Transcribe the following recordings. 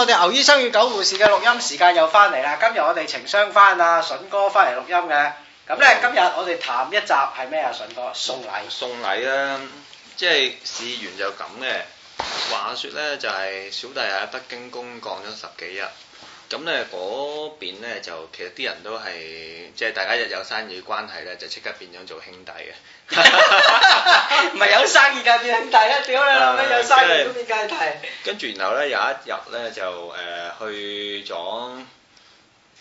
我哋、嗯、牛醫生與狗護士嘅錄音時間又翻嚟啦！今日我哋情商翻阿筍哥翻嚟錄音嘅，咁、嗯、咧今日我哋談一集係咩啊？筍哥送禮、嗯、送禮啊！即係試完就咁嘅。話説咧，就係小弟喺北京公幹咗十幾日。咁咧嗰邊咧就其實啲人都係即係大家一有生意關係咧，就即刻變咗做兄弟嘅，唔 係 有生意就變兄弟啦，屌你老味，有生意都變街弟。跟住然後咧有一日咧就誒、呃、去咗，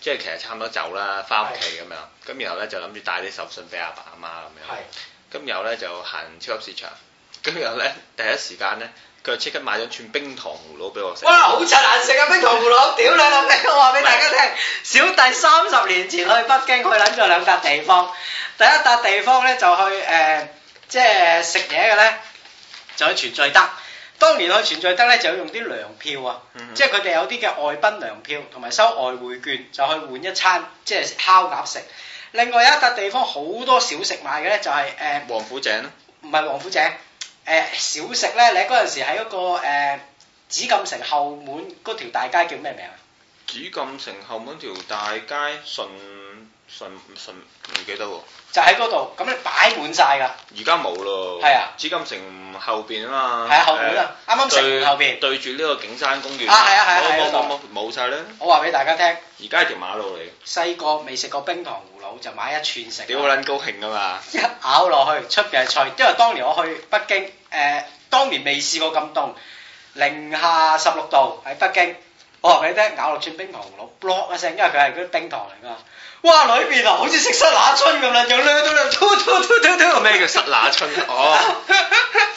即係其實差唔多走啦，返屋企咁樣。咁是的 然後咧就諗住帶啲手信俾阿爸阿媽咁樣。咁是的 然後咧就行超級市場，咁然後咧第一時間咧。佢即刻買咗串冰糖葫蘆俾我食。哇！好柒難食啊！冰糖葫蘆，屌你老味！我話俾大家聽， 小弟三十年前去北京，佢諗咗兩笪地方。第一笪地方咧就去誒，即係食嘢嘅咧，就去全聚德。當年去全聚德咧就要用啲糧票啊， 即係佢哋有啲嘅外賓糧票同埋收外匯券，就去換一餐即係烤鴨食。另外有一笪地方好多小食賣嘅咧，就係、是、誒。王府井咧？唔係王府井。誒小食咧，你嗰陣時喺嗰個紫禁城後門嗰條大街叫咩名啊？紫禁城後門條大街順順順，唔記得喎。就喺嗰度，咁你擺滿晒噶。而家冇咯。係啊。紫禁城後邊啊嘛。係啊，後門啊。啱啱食完後邊對住呢個景山公園。啊，係啊，係啊，係啊。嗰個冇晒啦。我話俾大家聽。而家係條馬路嚟。細個未食過冰糖葫。就買一串食，屌撚高興啊嘛！一咬落去，出邊係脆，因為當年我去北京，誒、呃，當年未試過咁凍，零下十六度喺北京，我話俾你聽，咬落串冰糖葫蘆，卜嘅一聲，因為佢係嗰啲冰糖嚟噶嘛。哇！裏邊啊，好似食塞拿春咁啦，又咩叫塞拿春啊？哦，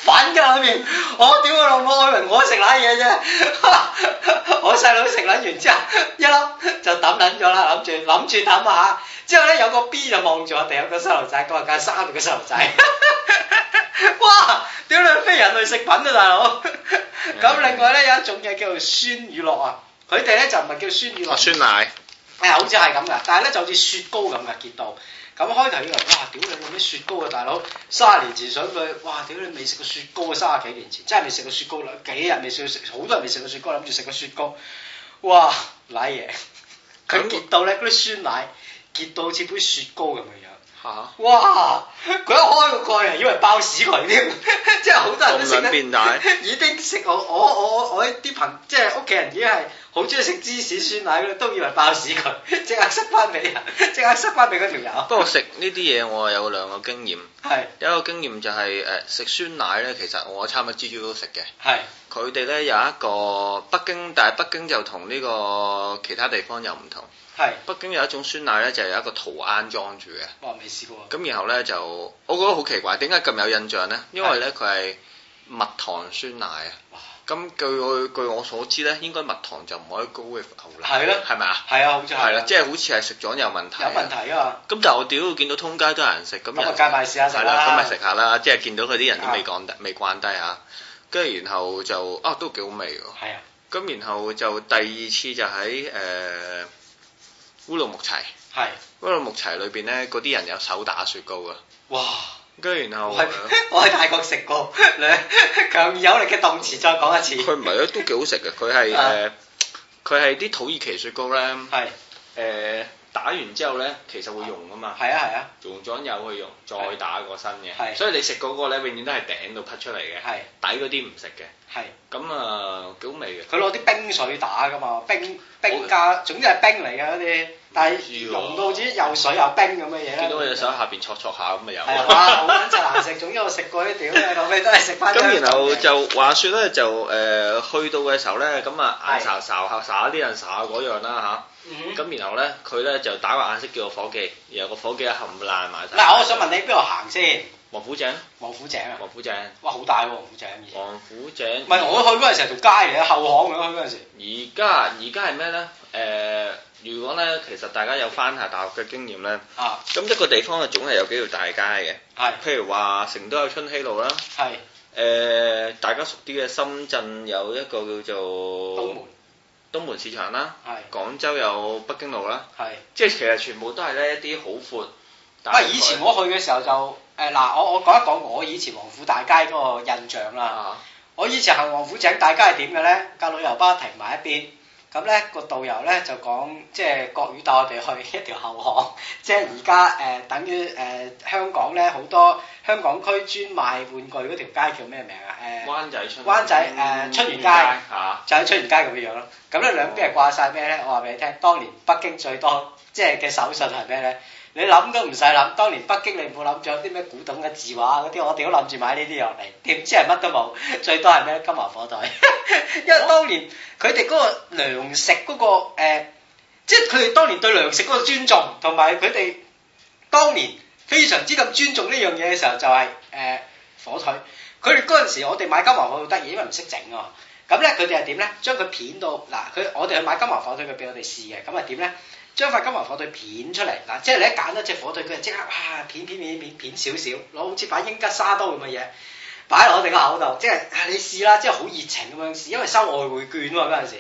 粉噶裏面，哦、我屌你老母，我以為我食嗱嘢啫，我細佬食嗱完之後，一粒就抌捻咗啦，諗住諗住抌下，之後咧有個 B 就望住我哋，有個細路仔，有個人介生嘅細路仔， 哇！屌你非人類食品啊，大佬！咁 另外咧有一種嘢叫做酸乳酪啊，佢哋咧就唔係叫酸乳酪。酸，酸奶。誒、哎、好似係咁噶，但係咧就好似雪糕咁噶結到，咁開頭以為哇，屌你有咩雪糕啊，大佬！三十年前想佢，哇，屌你未食過雪糕啊！三十幾年前，真係未食過雪糕啦，幾日未食想食，好多人未食過雪糕，諗住食個雪糕。哇，奶嘢！佢結到咧，嗰啲酸奶結到好似杯雪糕咁嘅樣。吓蛤，哇！佢一開個蓋啊，以為爆屎佢添，真係好多人都食得。奶 已經食我我我我啲朋，即係屋企人，家人家已經係。好中意食芝士酸奶，都以為爆屎佢，即刻塞翻俾人，即刻塞翻俾嗰條友。不過食呢啲嘢我有兩個經驗，係有是一個經驗就係誒食酸奶呢，其實我差唔多朝朝都食嘅，係佢哋呢有一個北京，但係北京就同呢個其他地方又唔同，係是北京有一種酸奶呢，就有一個陶瓮裝住嘅，我未試過。咁然後呢，就我覺得好奇怪，點解咁有印象呢？因為呢，佢係蜜糖酸奶啊。咁據我據我所知咧，應該蜜糖就唔可以高嘅牛奶，係咯，係咪啊？係啊，好似係。係啦，即係好似係食咗有問題。有問題啊嘛？咁但係我屌，見到通街都有人食，咁個街買試下食啦。係啦，咁咪食下啦，即係見到佢啲人都未降低，未慣低嚇。跟住然後就，啊，都幾好味喎。係啊。咁然後就第二次就喺誒烏魯木齊，係烏魯木齊裏邊咧，嗰啲人有手打雪糕啊！哇！跟住然後，我喺泰國食過，強 有，有力嘅動詞再講一次。佢唔係啊，都幾好食嘅。佢係誒，佢係啲土耳其雪糕咧。係是。誒、呃、打完之後咧，其實會融㗎嘛。係啊係啊。融咗又去融，再打個新嘅。係是。所以你食嗰個咧，永遠都係頂到 cut 出嚟嘅。係是。底嗰啲唔食嘅。係，咁啊幾好味嘅。佢攞啲冰水打噶嘛，冰冰噶，總之係冰嚟嘅嗰啲，但係融到好似又水又冰咁嘅嘢啦。見到佢隻手喺下邊戳戳下咁啊有。係啊，哇！好難食，總之我食過啲點咧，後屘都係食翻。咁然後就話説咧，就誒去到嘅時候咧，咁啊眼茶，睄下睄啲人睄下嗰樣啦吓，咁然後咧，佢咧就打個眼色叫個伙計，然後個伙計啊冚爛埋。嗱，我想問你邊度行先？王府井，啊，王府井啊，王府井，哇，好大喎，王府井王府井。唔係我去嗰陣時係條街嚟嘅，後巷咁去嗰陣時。而家而家係咩呢？誒、呃，如果呢，其實大家有翻下大學嘅經驗呢，啊，咁一個地方啊，總係有幾條大街嘅，係、啊，譬如話成都有春熙路啦，係是，誒、呃，大家熟啲嘅深圳有一個叫做東門，東門市場啦，係是，廣州有北京路啦，係是，即係是其實全部都係呢一啲好闊。唔，以前我去嘅時候就，誒嗱、呃，我我講一講我以前王府大街嗰個印象啦。啊、我以前行王府井大街係點嘅咧？架旅遊巴停埋一邊，咁咧個導遊咧就講即係國語，帶我哋去一條後巷，即係而家誒等於誒、呃、香港咧好多香港區專賣玩具嗰條街叫咩名啊？誒灣仔，出灣仔誒春園街，就喺春園街咁嘅樣咯。咁咧兩邊係掛晒咩咧？我話俾你聽，當年北京最多即係嘅手信係咩咧？你諗都唔使諗，當年北京你冇諗住有啲咩古董嘅字畫嗰啲，我哋都諗住買呢啲落嚟，點知係乜都冇，最多係咩金華火腿， 因為當年佢哋嗰個糧食嗰、嗰個、呃、即係佢哋當年對糧食嗰個尊重同埋佢哋當年非常之咁尊重呢樣嘢嘅時候、就係，就係誒火腿。佢哋嗰陣時我哋買金華火腿好得意，因為唔識整啊。咁咧佢哋係點咧？將佢片到嗱，佢我哋去買金華火腿，佢俾我哋試嘅，咁啊點咧？將塊金華火腿片出嚟嗱，即係你一揀一隻火腿，佢就即刻哇、啊、片片片片片少少，攞好似把英吉沙刀咁嘅嘢擺落我哋個口度，即係、啊、你試啦，即係好熱情咁樣試，因為收外匯券嘛嗰陣時，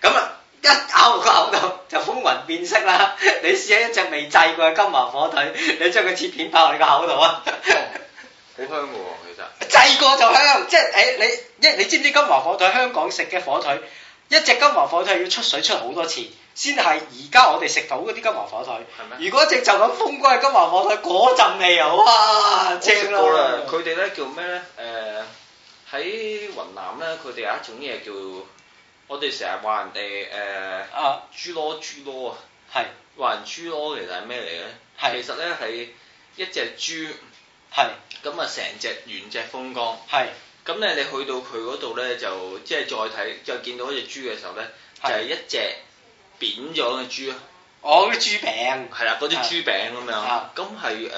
咁啊一咬個口度就風雲變色啦！你試一隻未製過嘅金華火腿，你將佢切片擺落你個口度啊，好、哦、 香喎、哦，其實製過就香，即係誒你一你，你，你知唔知金華火腿香港食嘅火腿，一隻金華火腿要出水出好多次。先係而家我哋食到嗰啲金華火腿，嗎如果一直就咁風乾嘅金華火腿，嗰陣味啊，正啦了！佢哋咧叫咩咧？誒、呃、喺雲南咧，佢哋有一種嘢叫我哋成日話人哋誒豬攞豬攞啊，係話坡是人豬攞是其實係咩嚟嘅咧？其實咧係一隻豬，係咁啊！成隻原隻風乾，係咁咧。你去到佢嗰度咧，就即、是、係再睇，再見到一隻豬嘅時候咧，就係、是、一隻。扁咗嘅豬啊！哦，啲豬餅。係啦，嗰啲豬餅咁樣，咁係誒，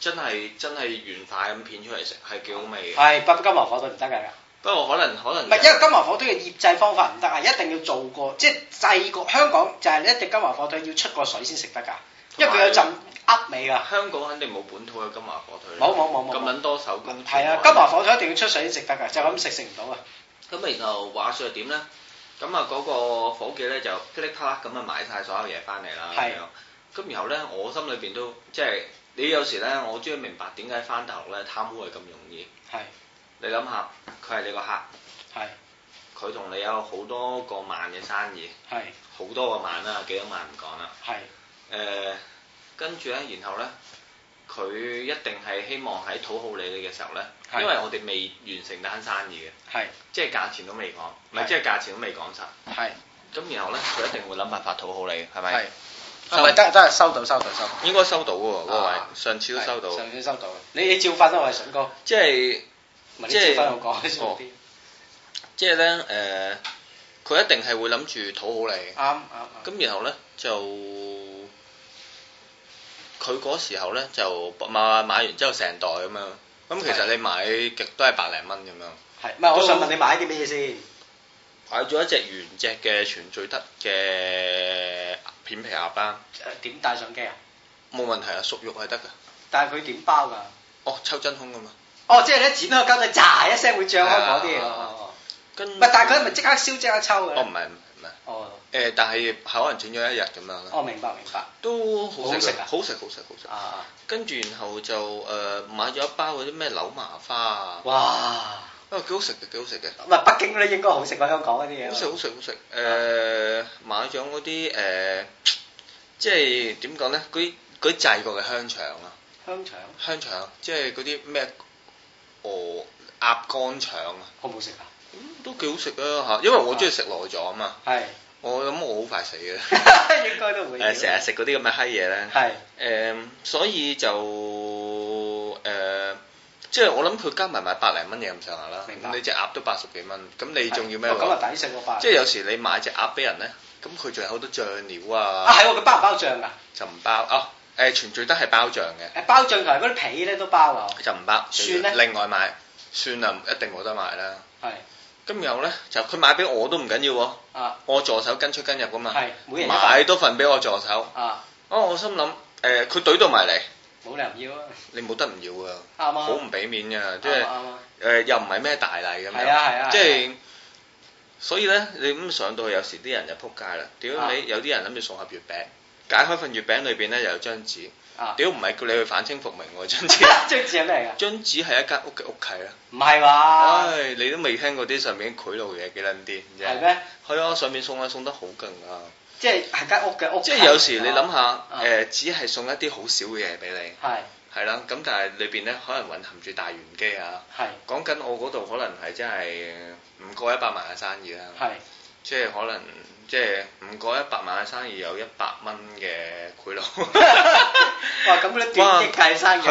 真係真係原塊咁片出嚟食，係幾好味嘅。係，不過金華火腿唔得㗎。不過可能可能。唔係，因為金華火腿嘅醃製方法唔得啊，一定要做過，即係製過。香港就係一隻金華火腿要出個水先食得㗎，因為佢有陣噏味啊。香港肯定冇本土嘅金華火腿。冇冇冇冇。咁撚多手工。係啊，金華火腿一定要出水先食得㗎，就咁食食唔到啊。咁啊，然後話説點咧？咁啊，嗰個夥計咧就噼里啪啦咁啊，買晒所有嘢翻嚟啦咁樣。咁是然後咧，我心裏邊都即係你有時咧，我終於明白點解翻大陸咧貪污係咁容易。係是。你諗下，佢係你個客。係是。佢同你有好多個萬嘅生意。係是。好多個萬啦，幾多萬唔講啦。係是。誒、呃，跟住咧，然後咧，佢一定係希望喺討好你哋嘅時候咧。因為我哋未完成單生意嘅，係即係價錢都未講，唔係即係價錢都未講晒，係咁然後咧佢一定會諗辦法討好你，係咪？係係咪得得收到，收到，收，應該收到嘅喎，嗰位上次都收到，上次收到，你你照瞓都係順哥，即係即係翻我講呢即係咧誒，佢一定係會諗住討好你，啱啱。咁然後咧就佢嗰時候咧就買買完之後成袋咁樣。咁其實你買極都係百零蚊咁樣，係唔係？我想問你買啲咩嘢先？買咗一隻原隻嘅全聚德嘅片皮鴨包，誒點帶上機啊？冇問題啊，熟肉係得噶。但係佢點包噶？哦，抽真空噶嘛。哦，即係咧剪開咁就喳一聲會脹開嗰啲啊。唔係，但係佢係咪即刻燒即刻抽嘅？哦唔係唔係。哦。誒，但係係可能整咗一日咁樣。哦，明白明白。都好食啊！好食好食好食啊！跟住然後就誒、呃、買咗一包嗰啲咩柳麻花哇啊！哇，啊幾好食嘅幾好食嘅，唔係北京咧應該好食過香港嗰啲嘢。好食好食好食！誒、呃嗯、買咗嗰啲誒，即係點講咧？嗰啲嗰啲製過嘅香腸啊，香腸，香腸，香腸，即係嗰啲咩鵝、鴨、哦、肝腸好好啊，好唔好食啊？嗯，都幾好食啊嚇，因為我中意食內臟啊嘛。係、嗯。我諗我好快死嘅， 應該都會、呃。誒，成日食嗰啲咁嘅閪嘢咧。係。誒，所以就誒、呃，即係我諗佢加埋買百零蚊嘢咁上下啦。明白。你隻鴨都八十幾蚊，咁你仲要咩、呃、話？咁啊抵食過飯。即係有時你買隻鴨俾人咧，咁佢仲有好多醬料啊。啊，係佢、啊、包唔包醬噶、啊？就唔包哦。誒、呃，全聚德係包醬嘅。誒，包醬同埋嗰啲皮咧都包啊。就唔包。算咧 了？另外買算啦，一定冇得買啦。係。咁然後咧就佢買俾我都唔緊要、啊，啊、我助手跟出跟入噶嘛，每人買多份俾我助手。哦、啊啊，我心諗誒，佢隊到埋嚟，冇理由要啊。你冇得唔要㗎、啊，好唔俾面㗎，即係誒又唔係咩大禮咁樣，啊啊、即係是、啊啊、所以咧，你咁上到去有時啲人就撲街啦。屌你，有啲人諗住送盒月餅，解開份月餅裏邊咧又有張紙。屌，唔係叫你去反清復明喎，張紙張紙係咩嚟噶？張紙係一間屋嘅屋契啦、啊。唔係喎。唉、哎，你都未聽過啲上面賄賂嘢幾撚啲，啫嗎。係咩？係啊，上面送啊送得好勁啊。即係係間屋嘅屋契、啊、即係有時你諗下，誒、呃，只係送一啲好少嘅嘢俾你。係是。係啦、啊，咁但係裏邊咧可能蘊含住大玄機啊。係是。講緊我嗰度可能係真係唔過一百萬嘅生意啦、啊。係是。即係是可能。即係唔過一百萬嘅生意有一百蚊嘅賄賂。哇！咁你哇過億生意，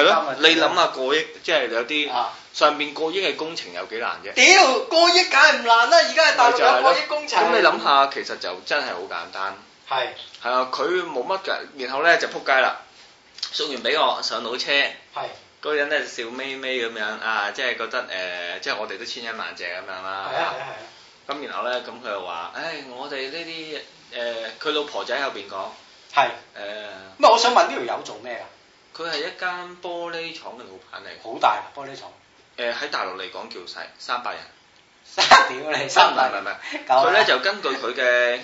你諗下過億，即係有啲上面過億嘅工程有幾難嘅？屌過億梗係唔難啦！而家係大陸有過億工程。咁你諗下，其實就真係好簡單。係。係啊，佢冇乜嘅，然後咧就撲街啦。送完俾我上到車。係。嗰人咧笑眯眯咁樣啊，即係覺得誒，即係我哋都千恩萬謝咁樣啦。係啊！係啊！咁然後咧，咁佢又話，唉，我哋呢啲，誒，佢老婆仔喺後邊講，係，誒，唔係，我想問呢條友做咩㗎？佢係一間玻璃廠嘅老闆嚟，好大啦，玻璃廠。誒，喺大陸嚟講叫細，三,三百人。嚇！點三百？唔係，佢咧就根據佢嘅，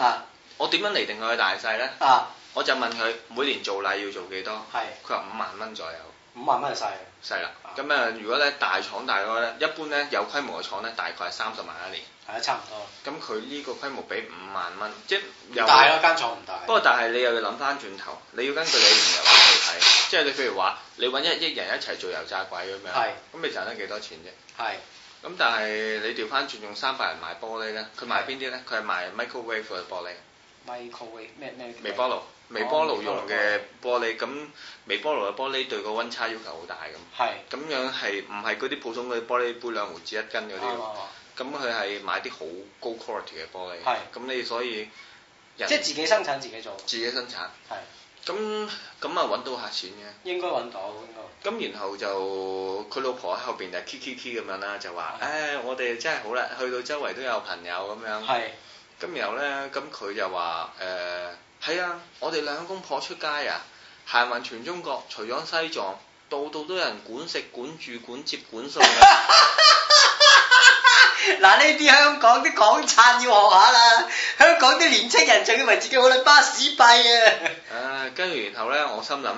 我點樣嚟定佢嘅大細咧？啊，我就問佢每年做禮要做幾多？係，佢話五萬蚊左右。五萬蚊就細啦，咁啊如果咧大廠大嗰咧，一般咧有規模嘅廠咧，大概係三十萬一年，係啊差唔多。咁佢呢個規模畀五萬蚊，即係唔大咯，間廠唔大。不過但係你又要諗翻轉頭，你要根據你用油去睇，即係你譬如話你揾一億人一齊做油炸鬼咁樣，咁的你賺得幾多錢啫？係的。咁但係你調翻轉用三百人賣玻璃咧，佢賣邊啲咧？佢係賣的 microwave 嘅玻璃，microwave 咩咩？Ave，微波爐。微波爐用嘅玻璃，咁微波爐嘅玻璃對個溫差要求好大咁，咁樣係唔係嗰啲普通嘅玻璃杯兩毫紙一斤嗰啲？咁佢係買啲好高 quality 嘅玻璃。係，咁你所以即係自己生產自己做。自己生產係，咁咁啊揾到客錢嘅。應該揾到，應該。咁然後就佢老婆喺後邊就 K K K 咁樣啦，就話：誒，我哋真係好啦，去到周圍都有朋友咁樣。係。咁然後咧，咁佢就話：誒。係啊，我哋兩公婆出街啊，行勻全中國，除咗西藏，度度都有人管食、管住、管接、管送嗱，呢啲、 啊、香港啲港燦要學下啦，香港啲年青人仲以為自己好撚巴屎閉啊。唉、啊，跟住然後呢，我心諗。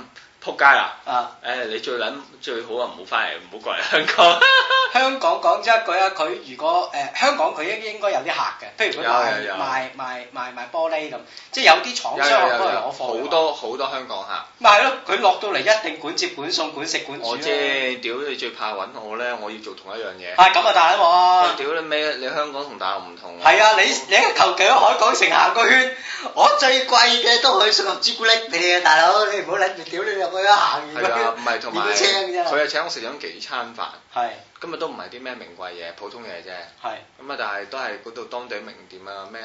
仆街啦！誒、啊欸，你最撚最好啊，唔好翻嚟，唔好過嚟香港。 香港講真一句啊，佢如果誒、呃、香港佢應應該有啲客嘅，譬如佢賣賣賣賣，賣玻璃咁，即係有啲廠商都嚟攞貨。好多好多香港客。咪係咯，佢落到嚟一定管接管送管食管住。我知，屌你最怕揾我咧，我要做同一樣嘢。係咁啊，大佬。屌你咩？你香港同大陸唔同、啊。係啊，你你行幾多海港城行、啊、 個圈，我最貴嘅都可以送粒朱古力俾你，大佬，你唔好諗住屌你係啊係啊，唔係同埋佢又請我食咗幾餐飯，今日都唔係啲咩名貴嘢，普通嘢啫。係咁啊！但係都係嗰度當地名店啊，咩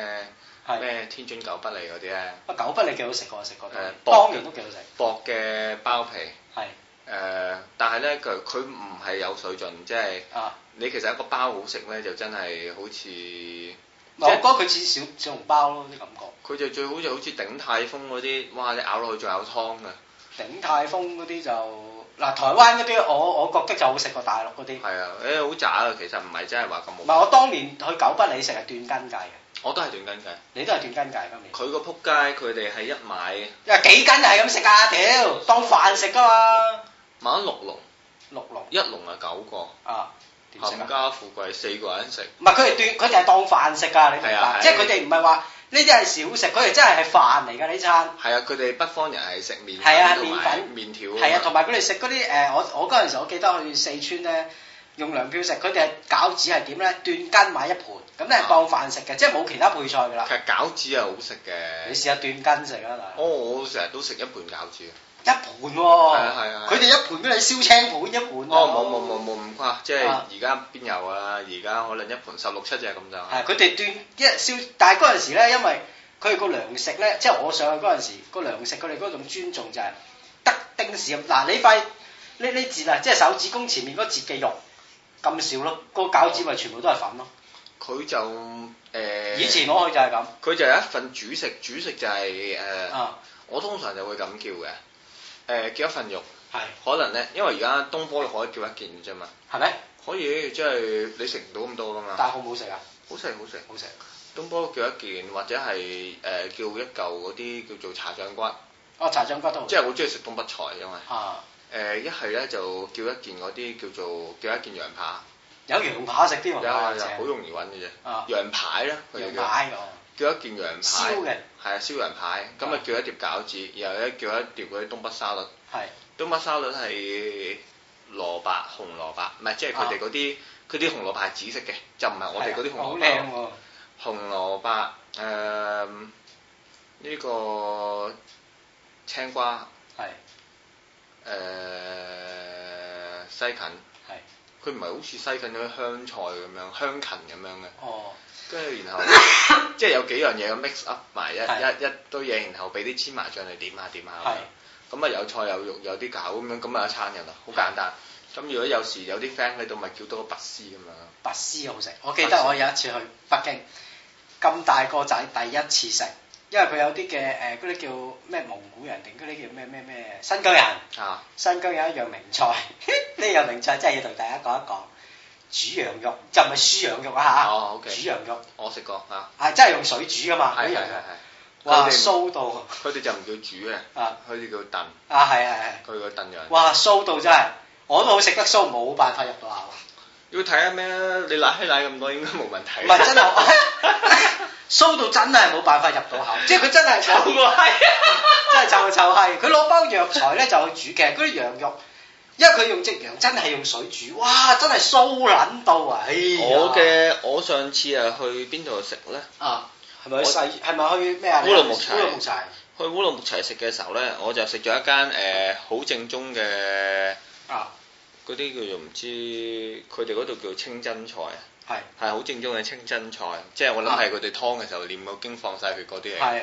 咩天津狗不理嗰啲咧？啊！狗不理幾好食，我食過，當然都幾好食。薄嘅包皮係誒，但係咧佢佢唔係有水準，即係你其實一個包好食咧，就真係好似我覺得佢似小小籠包咯啲感覺。佢就最好就好似鼎泰豐嗰啲，哇！你咬落去仲有湯啊。鼎泰豐嗰啲就嗱台灣嗰啲，我我覺得就好食過大陸嗰啲。係啊，誒好渣啊，其實唔係真係話咁好。唔係我當年去九不你食係斷斤計嘅。我都係斷斤計，你都係斷斤計。今年。佢個仆街，佢哋係一買。啊幾斤就係咁食架？屌，當飯食㗎嘛。買六籠。六籠。一籠啊九個。啊。冚家富貴四個人食。唔係佢哋斷，佢哋係當飯食㗎，你明白？即係佢哋唔係話。呢啲係小食，佢哋真係係飯嚟㗎呢餐。係啊，佢哋北方人係食麵粉同埋麵，麵條。係啊，同埋佢哋食嗰啲誒，我我嗰陣時我記得去四川咧，用糧票食，佢哋係餃子係點咧？斷根買一盤，咁咧係當飯食嘅，啊、即係冇其他配菜㗎啦。其實餃子係好食嘅。你試下斷根食啊，大佬。哦，oh, 我成日都食一盤餃子。一盤喎、哦啊，佢哋，啊、一盤都係燒青盤一盤，哦？冇冇冇冇咁誇，即係而家邊有啊？而家可能一盤十六七隻咁就。係佢哋端，一燒。但係嗰陣時咧，因為佢哋個糧食咧，即係我上去嗰陣時，個糧食，佢哋嗰種尊重就係得丁時。嗱，啊，你塊呢呢節啊，即係手指公前面嗰節嘅肉咁少咯，個餃子咪全部都係粉咯。佢就誒。呃、以前我去就係咁。佢就係一份主食，主食就係、是、誒，呃啊、我通常就會咁叫嘅。誒叫一份肉，係可能咧，因為而家東坡可以叫一件嘅啫嘛，係咪？可以，即係你食唔到咁多噶嘛。但係好唔好食啊？好食，好食，好食。東坡都叫一件，或者係誒叫一嚿嗰啲叫做茶掌骨。哦，茶掌骨都好。即係好中意食東北菜，因為啊誒，一係咧就叫一件嗰啲叫做叫一件羊排，有羊排食添喎，好容易揾嘅啫。羊排咧，羊排有叫一件羊排，係啊的，燒羊排。咁啊的，叫一碟餃子，然後咧叫一碟嗰啲東北沙律。係的。東北沙律係蘿蔔、紅蘿蔔，唔係即係佢哋嗰啲，佢啲、啊、紅蘿蔔係紫色嘅，就唔係我哋嗰啲紅蘿蔔。好靚喎！紅蘿蔔，呢、呃這個青瓜。係的。誒、呃、西芹。佢唔係好似西芹啲香菜咁樣，香芹咁樣嘅，哦，跟住然後 即係有幾樣嘢咁 mix up 埋一一一堆嘢，然後俾啲芝麻醬嚟點下點下咁，咁啊有菜有肉有啲餃咁樣，咁啊一餐人啦，好簡單。咁 如果有時有啲 friend 喺度，咪叫多個拔絲咁樣，拔絲好食。我記得我有一次去北京，咁大個仔第一次食。因為佢有啲嘅，誒嗰啲叫咩蒙古人定，嗰啲叫咩咩咩新疆人啊，新疆有一樣名菜，呢樣名菜真係要同大家講一講，煮羊肉就唔係燒羊肉啊，吓，哦，OK，煮羊肉我食過吓，係真係用水煮，噶嘛係係係，哇，酥到。佢哋就唔叫煮嘅啊，佢哋叫燉啊，係啊係佢個燉羊，哇，酥到真係，我都好食得酥，冇辦法入到口，要睇下咩，你舐起舐咁多應該冇問題，唔係真係。酥到真係冇辦法入到口，即係佢真係臭係，真係臭臭係，佢攞包藥材咧就去煮嘅，嗰啲羊肉，因為佢用隻羊真係用水煮，哇，真係酥卵到啊、哎！我嘅我上次去啊是是去邊度食咧？啊，係咪去細係咪去咩啊？烏魯木齊，烏魯木齊，去烏魯木齊食嘅時候咧，我就食咗一間誒好正宗嘅啊，嗰啲叫做唔知，佢哋嗰度叫做清真菜。係係好正宗嘅清真菜，即係我諗係佢哋湯嘅時候念過經放晒血嗰啲嘢。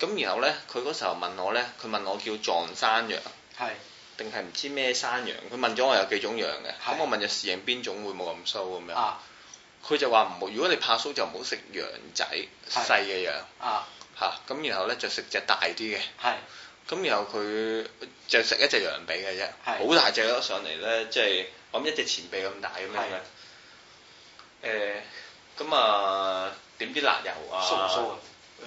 咁，然後呢，佢嗰時候問我呢，佢問我叫撞山羊，係定係唔知咩山羊？佢問咗我有幾種羊嘅，咁我問佢侍應邊種會冇咁粗咁樣。佢就話唔好，如果你怕粗就唔好食羊仔細嘅羊。啊！咁，然後呢，就食隻大啲嘅。咁，然後佢就食一隻羊髀嘅啫，好大隻咯，上嚟呢，即係我諗一隻前臂咁大咁樣。誒，咁啊、呃嗯，點啲辣油啊？酥唔酥、呃、okay, 啊？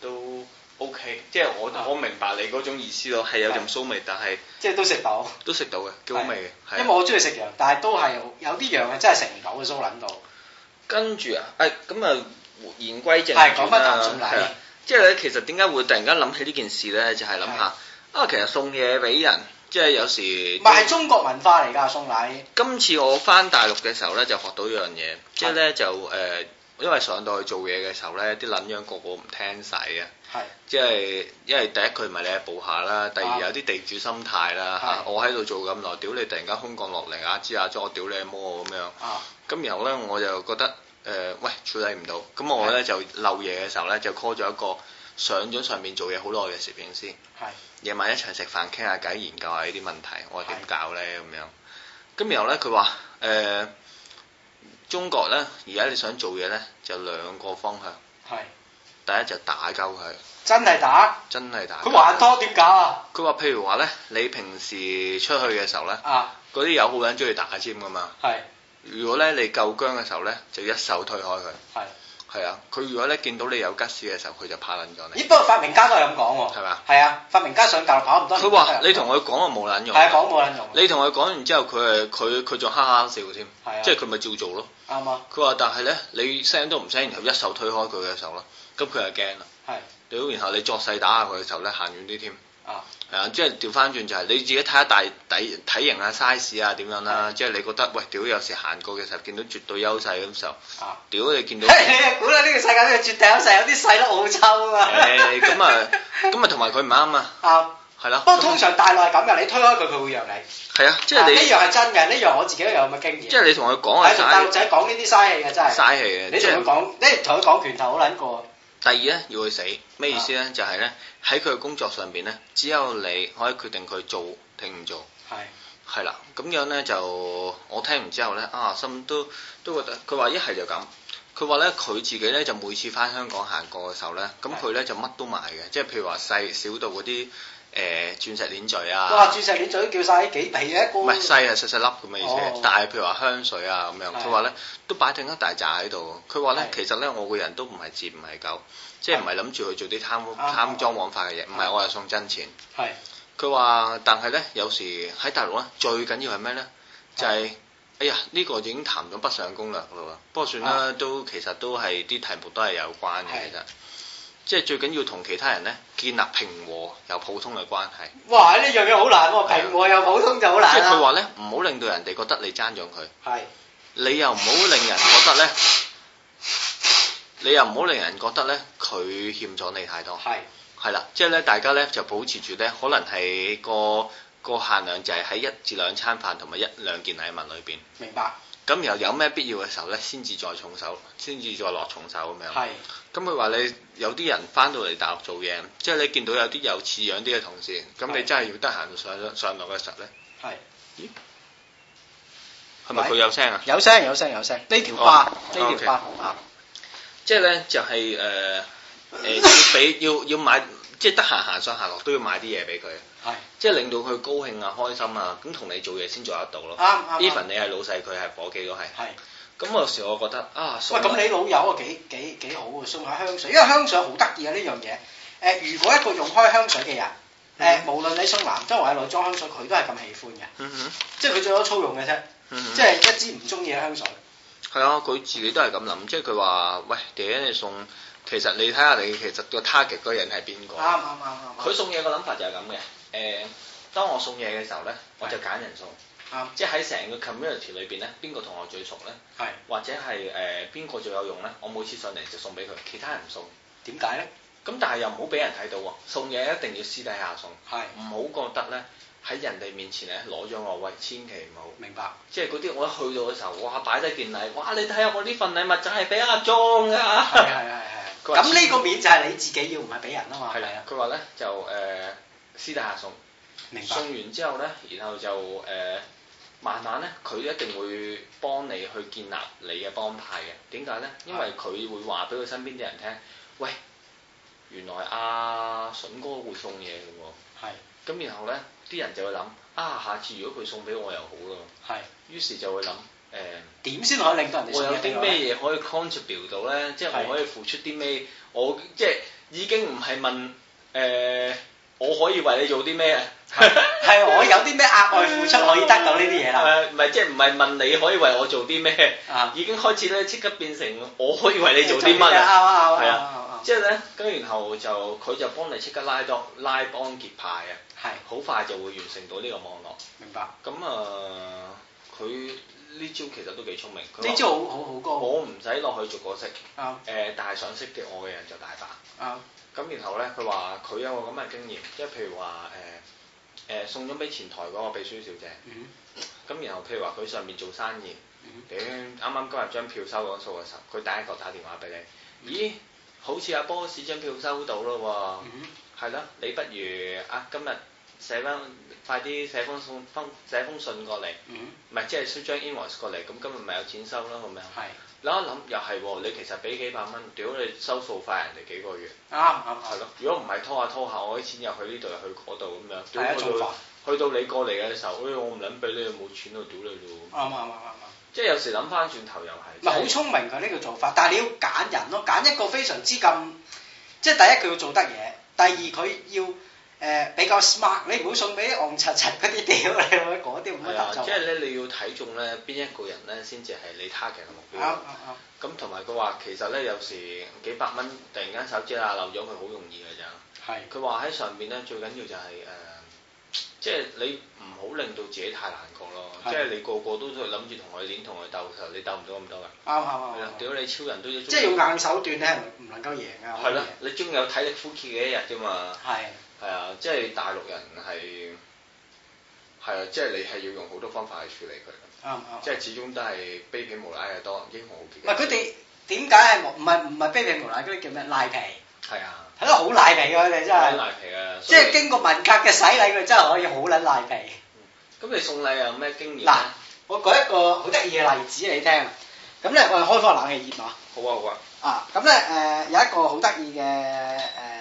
誒，都 OK，即係我我明白你嗰種意思咯，係有陣酥味，但係即係都食到，都食到嘅，幾好味嘅。的的因為我中意食羊，但係都係有啲羊啊，真係食唔到嘅酥捻度。跟住啊，誒、哎，咁、嗯、啊，言歸正傳啦，講返送禮，即係咧，其實點解會突然間諗起呢件事咧？就係諗下啊，其實送嘢俾人。即係有時，唔係中國文化嚟噶，送禮。今次我翻大陸嘅時候咧，就學到一樣嘢，的即係咧就誒，因為上到去做嘢嘅時候咧，啲撚樣個個唔聽使啊。係的。即係因為第一佢唔係你嘅部下啦，第二有啲地主心態啦。係、啊啊。我喺度做咁耐，屌你！突然間空降落嚟啊，知啊？將我屌你阿摸我咁樣。啊。咁然後咧，我就覺得誒、呃，喂，處理唔到。咁我咧就漏嘢嘅時候咧，就 call 咗一個。上咗上面做嘢好耐嘅攝影師，夜是晚一齊食飯傾下偈，研究下呢啲問題，我點搞呢？咁是樣。咁然後呢，佢話，誒、呃，中國呢，而家你想做嘢呢，就兩個方向。係是。第一就打交佢。真係打。真係打。佢還拖點搞啊？佢話譬如話呢，你平時出去嘅時候呢，嗰啲有好捻中意打尖噶嘛。係是。如果呢，你夠薑嘅時候呢，就一手推開佢。係是。係啊，佢如果咧見到你有吉事嘅時候，佢就怕撚咗你。咦？不過發明家都係咁講喎，係嘛吧？係啊，發明家上大陸跑唔得。佢話說：你同佢講啊，冇撚用。係啊的，講冇撚但用。你同佢講完之後，佢係佢佢仲哈哈笑添，啊、即係佢咪照做咯。啱啊。佢話：但係咧，你聲都唔聲，okay. 然後一手推開佢嘅手咯，咁佢又驚啦。係的。屌，然後你作勢打下佢嘅時候咧，行遠啲添。啊。誒，即係調翻轉就係你自己睇下大底體型啊、size 啊點樣啦，即係你覺得喂，屌有時行過嘅時候見到絕對優勢咁時候，屌你見到，估啦呢個世界呢有絕對優勢，有啲細粒澳洲啊，誒，咁啊，咁啊同埋佢唔啱啊，係啦，不過通常大陸係咁噶，你推開佢佢會讓你，係啊，即係呢樣係真嘅，呢樣我自己都有咁嘅經驗，即係你同佢講係，同大陸仔講呢啲嘥氣嘅真係，嘥氣嘅，你同佢講，你同佢講拳頭好撚過。第二咧要去死，咩意思咧？啊、就係咧喺佢嘅工作上面咧，只有你可以決定佢做定唔做。係，係啦是的，咁樣咧就我聽完之後咧，啊心都都覺得，佢話一係就咁。佢話咧佢自己咧就每次返香港行過嘅時候咧，咁佢咧就乜都買嘅，即係譬如話細小，小到嗰啲。誒鑽石鏈嘴啊！我話鑽石鏈嘴叫晒幾皮嘢一個。唔係細啊，細細粒咁嘅意思。但係譬如話香水啊咁樣。佢話咧都擺定一大紮喺度。佢話咧其實咧我個人都唔係字唔係狗，即係唔係諗住去做啲貪污貪贓枉法嘅嘢。唔係，我係送真錢。係。佢話，但係咧有時喺大陸咧最緊要係咩咧？就係哎呀呢個已經談咗北上攻略噶啦。不過算啦，都其實都係啲題目都係有關嘅其實。即係最緊要同其他人咧建立平和又普通嘅關係。哇！呢樣嘢好難喎，的平和又普通就好難啊。即係佢話咧，唔好令到人哋覺得你爭咗佢。係的。你又唔好令人覺得咧，你又唔好令人覺得咧，佢欠咗你太多。係的。係啦，即係咧，大家咧就保持住咧，可能係個個限量就係喺一至兩餐飯同埋一兩件禮物裏邊。明白。咁然後有咩必要嘅時候咧，先至再重手，先至再落重手咁樣。係。咁佢話你有啲人翻到嚟大陸做嘢，即係你見到有啲有似樣啲嘅同事，咁是你真係要得閒上上落嘅時候咧，係是。咦？係咪佢有聲啊？有聲有聲有聲。呢條疤呢條疤啊！即係咧就係誒誒要俾要要買，即係得閒行上行落都要買啲嘢俾佢。即係令到佢高興啊、開心啊，咁同你做嘢先做得到咯。Even 你係老細，佢係夥計都係。係。咁有時我覺得啊，喂！咁你老友啊，幾幾幾好啊，送下香水，因為香水好得意啊呢樣嘢。誒，如果一個用開香水嘅人，誒，無論你送男裝或者女裝香水，佢都係咁喜歡嘅。即係佢做咗粗用嘅啫。即係一支唔中意嘅香水。係啊，佢自己都係咁諗，即係佢話：喂，爹你送，其實你睇下你其實個 target 個人係邊個？啱啱啱。啱，佢送嘢個諗法就係咁嘅。誒、呃，當我送嘢嘅時候咧，的我就揀人送，對即係喺成個 community 裏邊咧，邊個同學最熟咧？係的或者係誒邊個最有用咧？我每次上嚟就送俾佢，其他人唔送。點解咧？咁但係又唔好俾人睇到，送嘢一定要私底下送，係唔好覺得咧喺人哋面前咧攞咗我喂，千祈唔好，明白。即係嗰啲我一去到嘅時候，哇！擺低件禮，哇！你睇下我呢份禮物就係俾阿莊㗎、啊，係係係。咁呢說個面就係你自己要，唔係俾人啊嘛。係啦。佢話咧就誒。呃呃私底下送明，白送完之後呢，然後就誒、呃、慢慢呢，佢一定會幫你去建立你嘅幫派嘅。點解呢？因為佢會話俾佢身邊啲人聽，的喂，原來阿、啊、筍哥會送嘢嘅喎。咁的，然後呢，啲人就會諗啊，下次如果佢送俾我又好咯。係的，於是就會諗誒、呃、點先可以令到人哋？我有啲咩嘢可以 contribute 到呢？即係的我可以付出啲咩？我即係、就是、已經唔係問誒。呃呃呃我可以為你做啲咩？係我有啲咩額外付出可以得到呢啲嘢啦？誒，唔係即係唔係問你可以為我做啲咩？啊，已經開始咧，即刻變成我可以為你做啲乜啊？係啊，即係咧，跟然後就佢就幫你即刻拉多拉幫結派啊，係，好快就會完成到呢個網絡。明白。咁啊，佢呢招其實都幾聰明。呢招好好好高。我唔使落去逐個識。啱。誒，但係想識嘅我嘅人就大把。咁然後咧，佢話佢有個咁嘅經驗，即係譬如話誒誒送咗俾前台嗰個秘書小姐。咁、嗯、然後譬如話佢上面做生意，屌啱啱今日張票收咗數嘅時候，佢第一個打電話俾你，嗯、咦？好似阿 boss 張票收到咯喎，係咯、嗯，你不如啊今日寫返快啲寫封信，封寫封信過嚟，唔係、嗯、即係收張 invoice 過嚟，咁今日咪有錢收咯，係咪啊？諗一諗又係喎、哦，你其實俾幾百蚊，屌你收數快人哋幾個月，啱啱啱，咯、啊。的如果唔係拖下拖下，我啲錢又去呢度，又去嗰度咁樣，係一種做法。去到你過嚟嘅時候，哎，我唔諗俾你冇錢去屌你咯。啱啱啱啱，啊啊啊、即係有時諗翻轉頭又係，唔係好聰明佢呢、這個做法，但係你要揀人咯，揀一個非常之咁，即係第一佢要做得嘢，第二佢要。誒比較 smart，你唔好送俾啲戇柒柒嗰啲屌你，嗰啲唔嘅動作。即係咧，你要睇中咧邊一個人咧，先至係你 target 嘅目標。啊啊啊！咁同埋佢話，其實咧有時幾百蚊突然間手指啊漏咗，佢好容易嘅咋。係佢話喺上邊咧最緊要就係誒，即係你唔好令到自己太難過咯。即係你個個都諗住同佢攣同佢鬥嘅時候，你鬥唔到咁多㗎。啱啊啱啊！屌你超人都要即係用硬手段咧，唔能夠贏㗎。係咯，你終有體力枯竭嘅一日㗎嘛。係。係啊，即係大陸人係，係啊，即係你係要用好多方法去處理佢，即係始終都係卑鄙無賴嘅多，英雄唔係佢哋。點解係唔係唔係卑鄙無賴嗰啲叫咩賴皮？係啊，係咯，好賴皮嘅。佢哋真係，賴皮嘅，即係經過文革嘅洗禮，佢真係可以好撚賴皮。咁你送禮有咩經驗？嗱，我舉一個好得意嘅例子你聽，咁咧我哋開開冷氣扇啊，好啊好啊，啊咁咧誒有一個好得意嘅誒。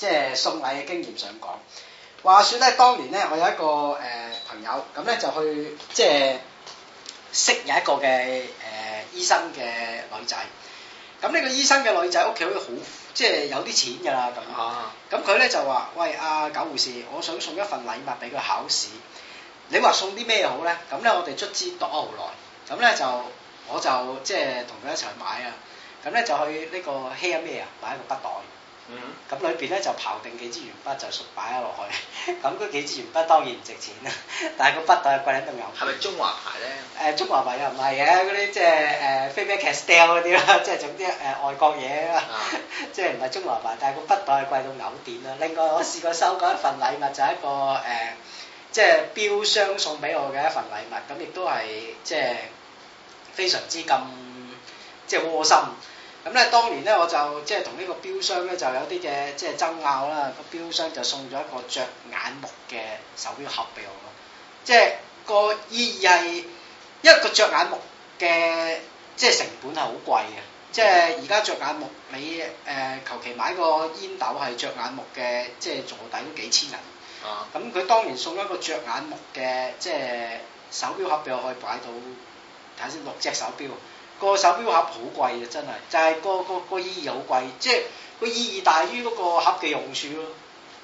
即係送禮嘅經驗想講，話說咧，當年咧，我有一個誒、呃、朋友，咁咧就去即係識有一個嘅誒、呃、醫生嘅女仔，咁呢個醫生嘅女仔屋企好似好即係有啲錢㗎啦咁，咁佢咧就話，喂阿、啊、狗護士，我想送一份禮物俾佢考試，你話送啲咩好咧？咁咧我哋出資度牛來，咁咧就我就即係同佢一齊買啊，咁咧就去呢個 hea 咩啊，買一個筆袋。咁裏邊咧就刨定幾支鉛筆就熟擺咗落去，咁 嗰、嗯、幾支鉛筆當然唔值錢啦，但係個筆袋貴到嘔。係咪中華牌咧？誒、呃、中華牌又唔係嘅，嗰啲、呃、即係誒飛鷹劇 style 嗰啲啦，即係總之誒外國嘢啦，嗯、即係唔係中華牌，但係個筆袋貴到嘔點啦。另外我試過收過一份禮物，就係、是、一個誒、呃，即係標箱送俾我嘅一份禮物，咁亦都係即係非常之咁即係窩心。咁咧，當年咧我就即係同呢個標商咧就有啲嘅即係爭拗啦，個標商就送咗一個雀眼木嘅手錶盒俾我，即係個意義係一個雀眼木嘅即係成本係好貴嘅，即係而家雀眼木，你誒求其買個煙斗係雀眼木嘅，即係座底都幾千銀。啊！咁佢當年送咗一個雀眼木嘅即係手錶盒俾我，可以擺到睇下先六隻手錶。個手錶盒好貴嘅，真係就係個個、個意義好貴，即係個意義大於嗰個盒嘅用處咯。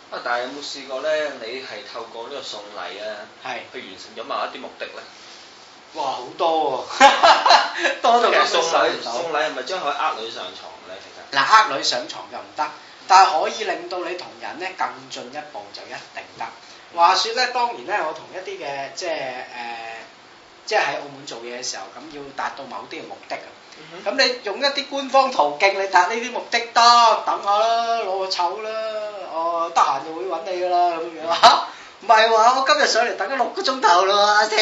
啊！但係有冇試過咧？你係透過呢個送禮啊，係是去完成咗某一啲目的咧？哇！好多啊， 多到我送禮送禮，係咪 將佢呃女上床咧？其實嗱、呃，呃女、呃、上床又唔得，但係可以令到你同人咧更進一步就一定得。話說咧，當然咧，我同一啲嘅即係誒。呃呃即係喺澳門做嘢嘅時候，咁要達到某啲嘅目的啊！咁你用一啲官方途徑嚟達呢啲目的得，等下啦，攞個籌啦，哦、呃，得閒就會揾你噶啦咁樣嚇。唔係話我今日上嚟等咗六個鐘頭啦，阿、啊、姐，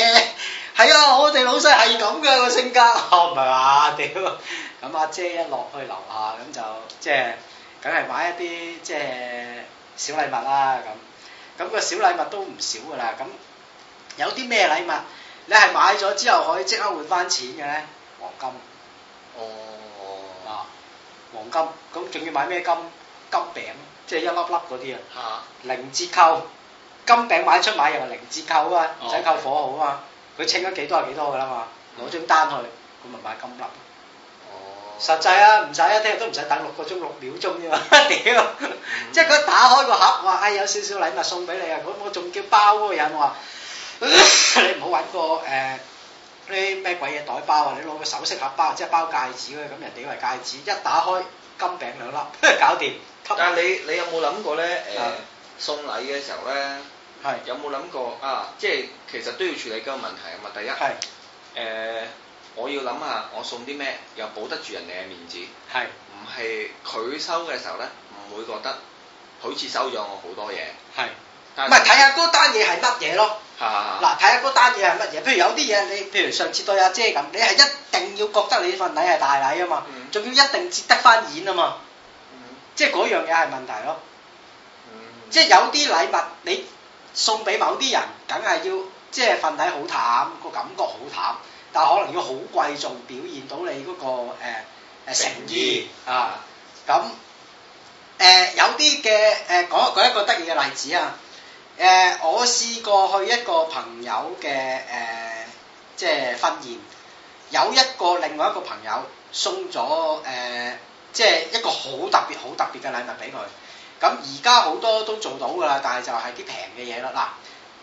係啊，我哋老細係咁嘅個性格，唔係話屌，咁阿、啊 啊、姐一落去樓下咁就即係，梗係買一啲即係小禮物啦咁，咁、咁個小禮物都唔少噶啦，咁有啲咩禮物？你係買咗之後可以即刻換翻錢嘅咧？黃金。哦。啊。黃金，咁仲要買咩金？金餅，即係一粒粒嗰啲啊。嚇。零折扣。金餅買出買入零折扣啊嘛，唔使扣火好啊嘛，佢稱咗幾多係幾多㗎啦嘛，攞張單去，咁咪買金粒。哦。實際啊，唔使啊，聽日都唔使等六個鐘六秒鐘啫嘛，屌！ 即係佢打開個盒，話唉、哎、有少少禮物送俾你啊，咁我仲叫包嗰個人話。 你唔好揾個誒，啲咩鬼嘢袋包啊！你攞個首飾盒包，即係包戒指嘅，咁人哋以為戒指一打開金餅兩粒，搞掂。但係你你有冇諗過咧？誒、呃，是的 送禮嘅時候咧，是的 有冇諗過啊？即係其實都要處理個問題啊嘛。第一，誒是的、呃，我要諗下我送啲咩，又保得住人哋嘅面子。係，唔係佢收嘅時候咧，唔會覺得好似收咗我好多嘢。係。唔係睇下嗰單嘢係乜嘢咯，嗱睇、啊、下嗰單嘢係乜嘢，譬如有啲嘢你，譬如上次對阿姐咁，你係一定要覺得你份禮係大禮啊嘛，仲要一定折得返現啊嘛，即係嗰樣嘢係問題咯，嗯、即係有啲禮物你送俾某啲人，梗係要即係份禮好淡，個感覺好淡，但可能要好貴重表現到你嗰、那個誒誒、呃、誠意啊，咁誒、呃、有啲嘅誒講一個得意嘅例子啊。誒、呃，我試過去一個朋友嘅誒、呃，即係婚宴，有一個另外一個朋友送咗誒、呃，即係一個好特別好特別嘅禮物俾佢。咁而家好多都做到㗎啦，但係就係啲平嘅嘢咯。嗱，誒、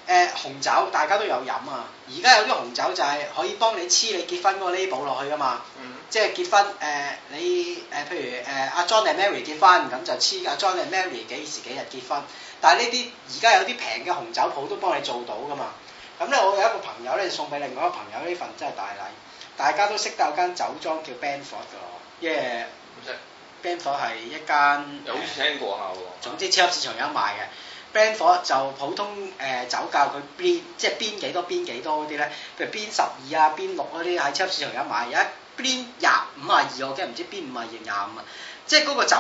呃、紅酒大家都有飲啊。而家有啲紅酒就係可以幫你黐你結婚嗰個 label 落去㗎嘛。Mm hmm. 即係結婚誒、呃，你誒譬如誒阿、呃、John and 阿 Mary 結婚，咁就黐阿 John 同阿 Mary 幾時幾日結婚。但係呢啲而家有啲平嘅紅酒鋪都幫你做到㗎嘛，咁、嗯、咧我有一個朋友咧送俾另外一個朋友呢份真係大禮。大家都識得有間酒莊叫 Benfort 嘅，因為 Benfort 係一間，又好似聽過下喎。總之超級市場有得賣嘅 Benfort 就普通誒、呃、酒窖，佢邊即係邊幾多邊幾多啲咧？譬如邊十二啊邊六嗰啲喺超級市場有賣 20, 52, 得賣，有一邊廿五啊二，我驚唔知邊五啊二廿五啊，即係嗰個酒。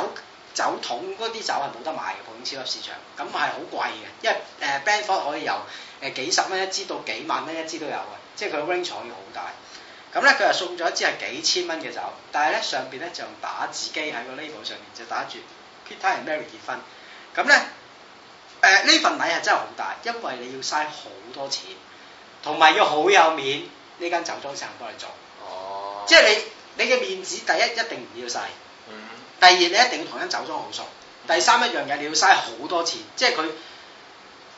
酒桶嗰啲酒係冇得賣嘅，普通超級市場，咁係好貴嘅。因為誒，Bandford 可以有誒幾十蚊一支到幾萬蚊一支都有嘅，即係佢嘅 range 可以好大。咁咧佢又送咗一支係幾千蚊嘅酒，但係咧上邊咧就用打字機喺個 label 上面就打住 Peter and Mary 結婚。咁咧誒呢、呃、份禮係真係好大，因為你要嘥好多錢，同埋要好有面呢間酒莊先可以幫你做。哦，即係你你嘅面子第一一定唔要晒。第二，你一定要同間酒莊好熟。第三一樣嘢，你要嘥好多錢，即係佢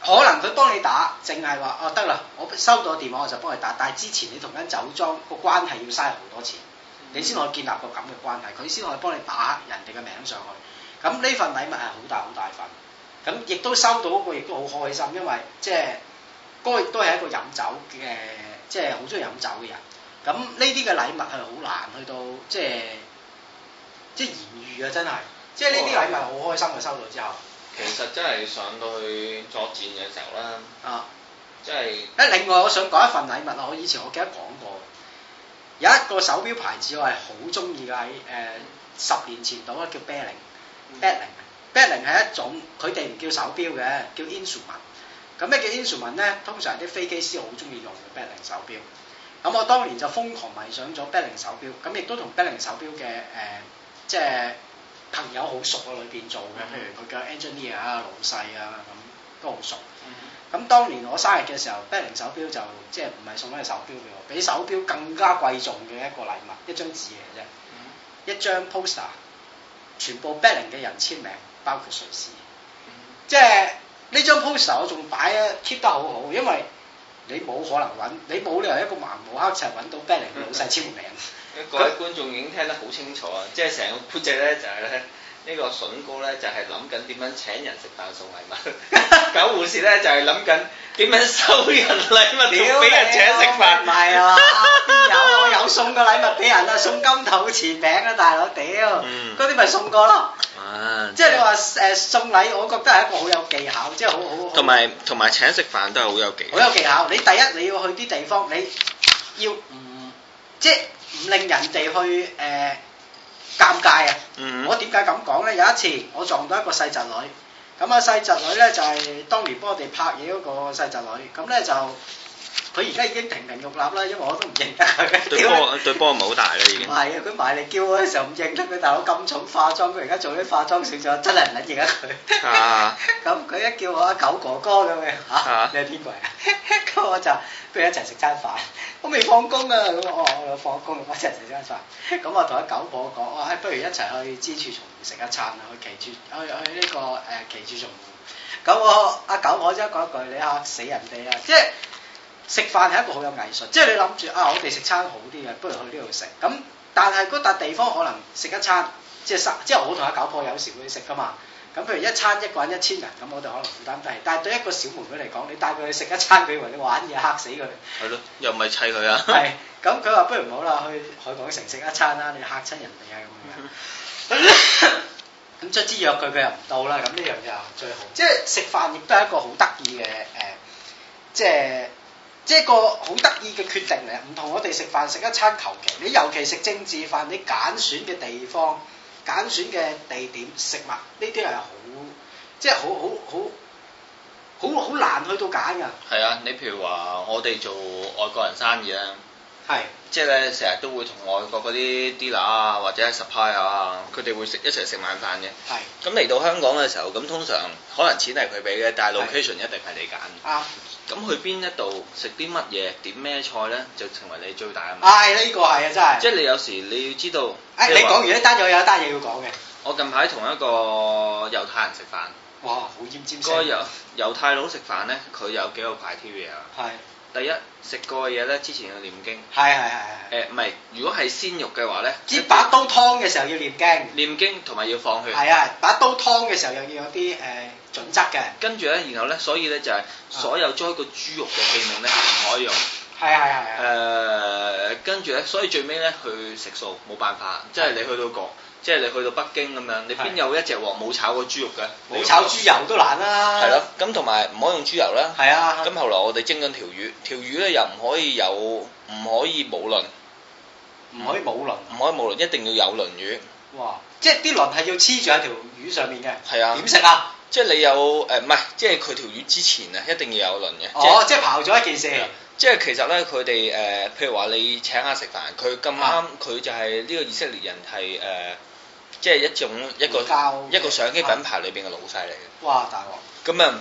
可能佢幫你打，淨係話哦，得啦，我收到電話我就幫你打。但係之前你同間酒莊個關係要嘥好多錢，你先可以建立個咁嘅關係，佢先可以幫你打人哋嘅名上去。咁呢份禮物係好大好大份，咁亦都收到嗰個亦都好開心，因為即係哥亦都係一個飲酒嘅，即係好中意飲酒嘅人。咁呢啲嘅禮物係好難去到即係。就是即係言喻啊！真係，即係呢啲禮物好開心嘅，收到之後。其實真係上到去作戰嘅時候啦。啊，即係誒。另外，我想講一份禮物啊！我以前我記得講過，有一個手錶牌子我係好中意嘅，喺誒十年前到，啊，叫 Belling，Belling 係一種佢哋唔叫手錶嘅，叫 Instrument。咁咩叫 Instrument 咧？通常啲飛機師好中意用嘅 Belling 手錶。咁我當年就瘋狂迷上咗 Belling 手錶，咁亦都同 Belling 手錶嘅誒。呃即係朋友好熟啊，裏邊做嘅，嗯、譬如佢嘅 engineer 啊、老細啊咁都好熟。咁、嗯、當年我生日嘅時候，百靈手錶就即係唔係送翻隻手錶俾我，比手錶更加貴重嘅一個禮物，一張紙嚟嘅啫，嗯、一張 poster，全部百靈嘅人簽名，包括瑞士。嗯、即係呢張 poster 我仲擺啊 keep 得好好，因為你冇可能揾，你冇理由一個盲無黑齊揾到百靈老細簽名。各位觀眾已經聽得好清楚啊！即係成個故事咧，就係咧呢個筍哥咧，就係諗緊點樣請人食飯送禮物；狗護士咧，就係諗緊點樣收人禮物同俾人請食飯，係啊。有啊，有，啊我有送過禮物俾人啊，送金頭錢餅啊，大佬，屌，嗰啲咪送過咯。啊！即係你話誒、呃、送禮，我覺得係一個好有技巧，即係好好。同埋同埋請食飯都係好有技巧。好有技巧！你第一你要去啲地方，你要唔即？即唔令人哋去誒、呃、尷尬啊！嗯、mm，hmm. 我點解咁講咧？有一次我撞到一個細侄女，咁啊細侄女咧就係、是、當年幫我哋拍嘢嗰個細侄女，咁咧就。佢而家已經亭亭玉立啦，因為我都唔認得佢。對波對波唔係好大啦，已經。唔係啊！佢埋嚟叫我嘅時候唔認得佢，大佬咁重化妝，佢而家做啲化妝小姐，真係唔撚認得佢。咁佢一叫我阿狗哥哥咁嘅嚇，你係邊個嚟？咁我就不如一齊食餐飯。我未放工啊！咁我我放工，我一齊食餐飯。咁我同阿狗婆講：哇，不如一齊去蜘蛛叢食一餐啊！去奇絕去去呢個誒奇絕叢。咁我阿狗婆即係講一句：你嚇死人哋啊！即係。食飯係一個好有藝術，即係你諗住啊，我哋食餐好啲嘅，不如去呢度食。咁但係嗰笪地方可能食一餐，即係即係我同阿九婆有時會去食噶嘛。咁譬如一餐一個人一千人，咁我哋可能負擔低。但係對一個小妹妹嚟講，你帶佢去食一餐，佢以為你玩嘢嚇死佢。係咯，又唔係砌佢啊。係 ，咁佢話不如唔好啦，去海港城食一餐啦。你嚇親人哋啊咁樣。咁卒 之約佢，佢又唔到啦。咁呢 樣嘢最好，即係食飯亦都係一個好得意嘅誒，即係。即係個好得意嘅決定嚟，唔同我哋食飯食一餐求其，你尤其食政治飯，你揀選嘅地方、揀選嘅地點、食物呢啲係好即係好好好好好難去到揀㗎。係啊，你譬如話我哋做外國人生意啊。係，即係咧，成日都會同外國嗰啲 dealer 啊，或者係 supplier 啊，佢哋會食一齊食晚飯嘅。係，咁嚟到香港嘅時候，咁通常可能錢係佢俾嘅，但係 location 一定係你揀。啱，咁去邊一度食啲乜嘢，點咩菜咧，就成為你最大嘅問題。係，呢個係啊，真係。即係你有時你要知道，誒，你講完一單，又有一單嘢要講嘅。我近排同一個猶太人食飯。哇，好奄尖。個猶猶太佬食飯咧，佢有幾個牌挑嘢啊？係。第一食過嘅嘢咧，之前要念經，係係係係。誒唔係，如果係鮮肉嘅話咧，即係把刀劏嘅時候要念經，念經同埋要放血。係啊，把刀劏嘅時候又要有啲誒、呃、準則嘅。跟住咧，然後咧，所以咧就係、是、所有裝個豬肉嘅器皿咧唔可以用。係係係。誒，跟住咧，所以最尾咧，佢食素冇辦法，即係你去到國。是是即係你去到北京咁樣，你邊有一隻鑊冇炒過豬肉嘅？冇炒豬油都難啦、啊。係咯、啊，咁同埋唔可以用豬油啦。係啊。咁、啊、後來我哋蒸緊條魚，條魚咧又唔可以有，唔可以冇鱗，唔可以冇鱗，唔可以冇鱗，鱗，一定要有鱗魚。哇！即係啲鱗係要黐住喺條魚上面嘅。係啊。點食啊？即係你有誒唔係？即係佢條魚之前啊，一定要有鱗嘅。哦，即係刨咗一件事。啊、即係其實咧，佢哋誒，譬如話你請下食飯，佢咁啱佢就係呢個以色列人係誒。呃呃即係一種一個一個相機品牌裏邊嘅老細嚟嘅。哇！大鑊。咁啊，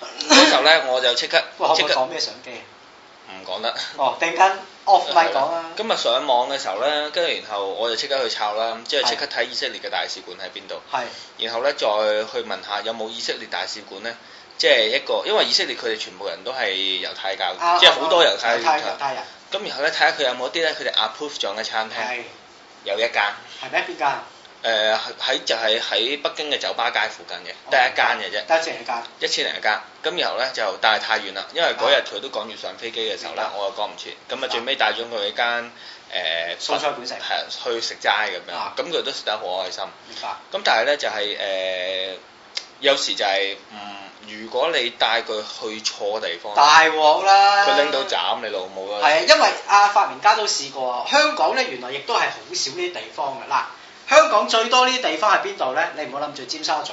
嗰時候咧我就即刻即刻。講咩相機？唔講得。哦，突然間 off 咪講啊！今日上網嘅時候咧，跟住然後我就即刻去抄啦，即係即刻睇以色列嘅大使館喺邊度。係。然後咧再去問下有冇以色列大使館咧，即係一個因為以色列佢哋全部人都係猶太教，即係好多猶太人。猶太猶太人。咁然後咧睇下佢有冇啲咧佢哋 approved 嘅餐廳。係。有一間。係咩？邊間？誒，喺就係喺北京嘅酒吧街附近嘅，第一間嘅啫，一千零一間。一千零一間，咁然後咧就但係太遠啦，因為嗰日佢都趕住上飛機嘅時候咧，我又趕唔切，咁啊最尾帶咗佢去一間誒蔬菜館食，係去食齋咁樣，咁佢都食得好開心。咁但係咧就係誒，有時就係嗯，如果你帶佢去錯地方，大鑊啦！佢拎到斬你老母咯。係啊，因為阿發明家都試過啊，香港咧原來亦都係好少呢啲地方嘅嗱。香港最多呢啲地方喺邊度咧？你唔好諗住尖沙咀。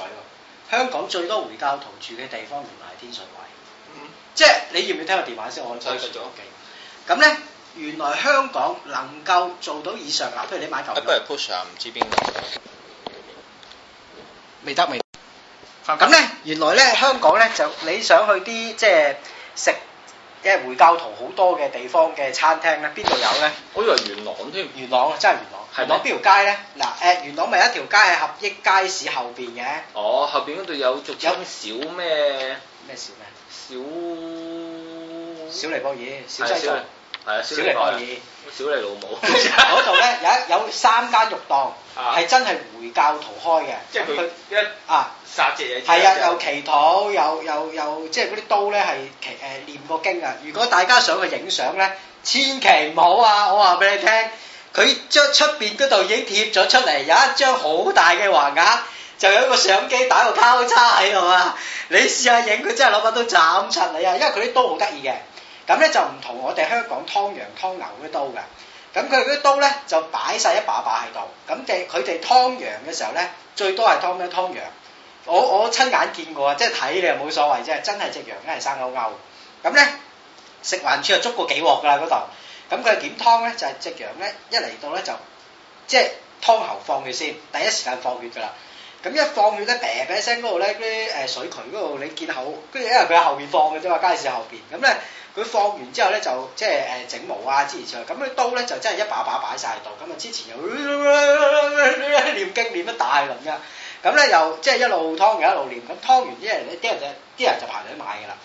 香港最多回教徒住嘅地方，原來係天水圍。嗯、即係你要唔要聽個電話先？我退出咗屋企。咁、嗯、咧，嗯嗯、原來香港能夠做到以上，嗱，譬如你買球、啊。不如 Push 唔、啊、知邊個？未得未？咁咧，原來咧，香港咧就你想去啲即係食。即係回教徒好多嘅地方嘅餐廳咧，邊度有咧？我以為元朗添嗎，元朗啊，真係元朗。係咯，邊條街咧？嗱，誒元朗咪一條街係合益街市後邊嘅。哦，後邊嗰度有俗稱小咩？咩小咩小？小小尼泊爾、小西藏。係啊，小尼泊爾。小尼，小尼老母。 三間肉檔係、啊、真係回教徒開嘅，即係佢一，殺一啊殺隻嘢，係啊的又祈禱又又又即係嗰啲刀咧係誒唸過經啊！如果大家想去影相咧，千祈唔好啊！我話俾你聽，佢將出邊嗰度已經貼咗出嚟有一張好大嘅橫額，就有一個相機打個交叉喺度啊！你試下影佢真係攞把刀斬出嚟啊！因為佢啲刀好得意嘅，咁咧就唔同我哋香港劏羊劏牛嗰啲刀嘅。咁佢嗰啲刀咧就擺晒一把把喺度，咁嘅佢哋劏羊嘅時候咧，最多係劏咩？劏羊，我我親眼見過啊！即係睇你又冇所謂啫，真係隻羊硬係生勾勾。咁咧食環處就捉過幾鑊㗎啦嗰度。咁佢點劏咧？就係、是、隻羊咧，一嚟到咧就即係劏喉放血先，第一時間放血㗎啦。咁一放血咧，啤啤聲嗰度咧，嗰啲誒水渠嗰度，你見後，跟住因為佢喺後面放嘅啫嘛，街市後邊。咁咧，佢放完之後咧，就即係誒整毛啊之類。咁咧刀咧就真係一把把擺晒喺度。咁啊之前又念經念一大輪㗎，咁咧又即係、就是、一路湯又一路念。咁湯完啲人啲人就啲人就排隊買㗎啦。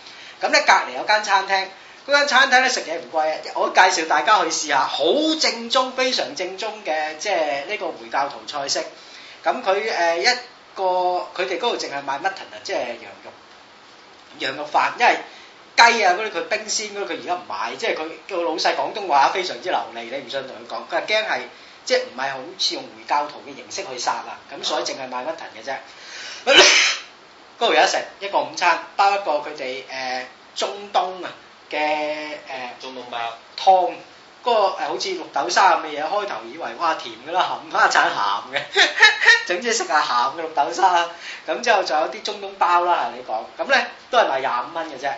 咁咧隔離有間餐廳，嗰間餐廳咧食嘢唔貴啊，我介紹大家去試下，好正宗、非常正宗嘅即係呢個回教徒菜式。咁佢誒一個佢哋嗰度淨係賣乜騰啊，即係羊肉，羊肉飯，因為雞啊嗰啲佢冰鮮嗰啲佢而家唔賣，即係佢個老細廣東話非常之流利，你唔信同佢講，佢係驚係即係唔係好似用回教徒嘅形式去殺啊，咁所以淨係賣乜騰嘅啫，嗰 度有得食一個午餐，包一個佢哋誒中東啊嘅誒，中東包，呃、東湯。個誒好似綠豆沙咁嘅嘢，開頭以為哇甜嘅啦，冚唪唥鹹嘅，總 之食下鹹嘅綠豆沙。咁之後仲有啲中東包啦，你講咁咧都係賣廿五蚊嘅啫。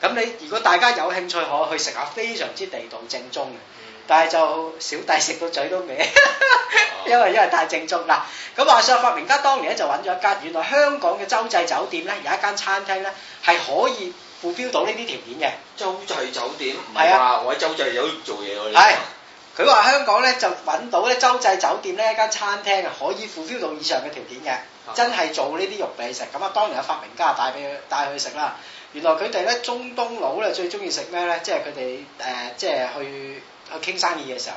咁你如果大家有興趣可以去食下，非常之地道正宗嘅，但係就小弟食到嘴都歪， 因為因為太正宗啦。咁話說發明家當年咧就揾咗一間，原來香港嘅洲際酒店咧有一間餐廳咧係可以。附標到呢啲條件嘅洲際酒店，唔係啊，我喺洲際有做嘢喎。係，佢話香港咧就揾到咧洲際酒店咧一間餐廳啊，可以附標到以上嘅條件嘅，的真係做呢啲肉俾你食。咁啊，當然有發明家帶俾佢帶佢去食啦。原來佢哋咧中東佬咧最中意食咩咧？即係佢哋誒，即係去去傾生意嘅時候。